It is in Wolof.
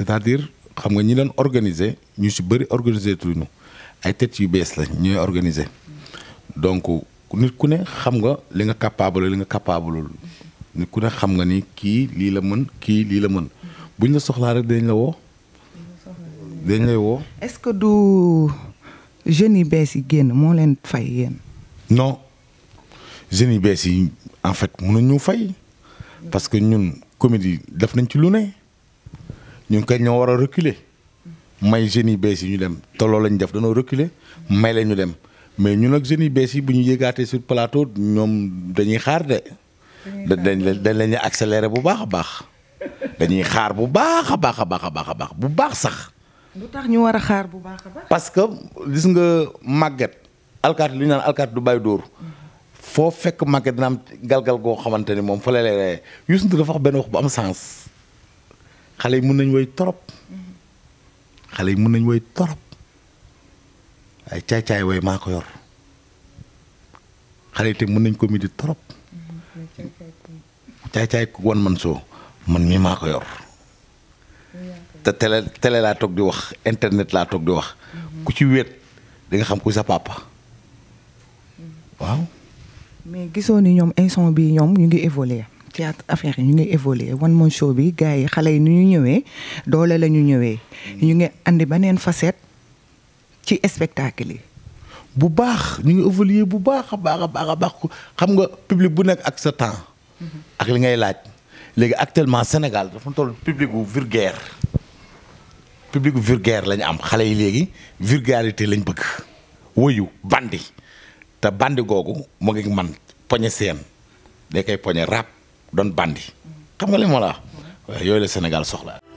c'est-à-dire xam nga ñi doon organiser ñu si bëri organiser tuñu ay têtes yu bees la ñooy organiser donc nit ku ne xam nga li nga capable li nga capableul nit ku ne xam nga ni kii lii la mën kii lii la mën buñ la soxlaa rek dañ la woo. dañ lay woo. est-ce que du jeunes yi bees yi génn moo leen fay yéen. non jeunes yu bees yi en fait mënuñ ñu fay parce que ñun comédie def nañ ci lu ne. ñu ngi kañ ñoo war a reculer may jeunes yi bees yi ñu dem te loolu lañ def danoo reculer may la ñu dem mais ñun ak jeunes yi bees yi bu ñu yëgaatee sur plateau ñoom dañuy xaar de. dañ dañ leen accélérer bu baax a baax dañuy xaar bu baax a baax a baax a baax a baax bu baax sax. lu tax ñu war a xaar bu baax a parce que gis nga màgget. alkaati li ñu naan alkaati du bàyyi dóor. foo fekk màgget dina am galgal goo xamante ni moom fa lay lay Youssou Ndour dafa wax benn wax bu am sens. xale yi mun nañ woy torop xale yi mun nañ woy torop ay caay-caay woy maa ko yor xale yi te mun nañ comédie torop caay-caay ku wan man soo man mii maa ko yor te télé télé laa toog di wax internet laa toog di wax ku ci wéet di nga xam ku sa papa waaw mais gisoo ni ñoom instant bii ñoom ñu ngi évoluer théâtre affaire yi ñu ngi évoluer one man show bi gars yi xale yi nu ñu ñëwee doole la ñu ñëwee. Mm. ñu ngi andi beneen facette ci spectacle yi. bu baax ñu ngi évoluer bu baax a baax a baax a baax xam nga public bu nekk ak sa temps. Mm-hmm. ak li ngay laaj léegi actuellement Sénégal dafa toll public bu vulgaire. public bu vulgaire lañu am xale yi léegi vulgarité lañ bëgg. woyu bandi te bandi googu moo ngi man poñe seen day poñe rap. doon bandi xam nga li la wax mm-hmm. yooyu la Sénégal soxla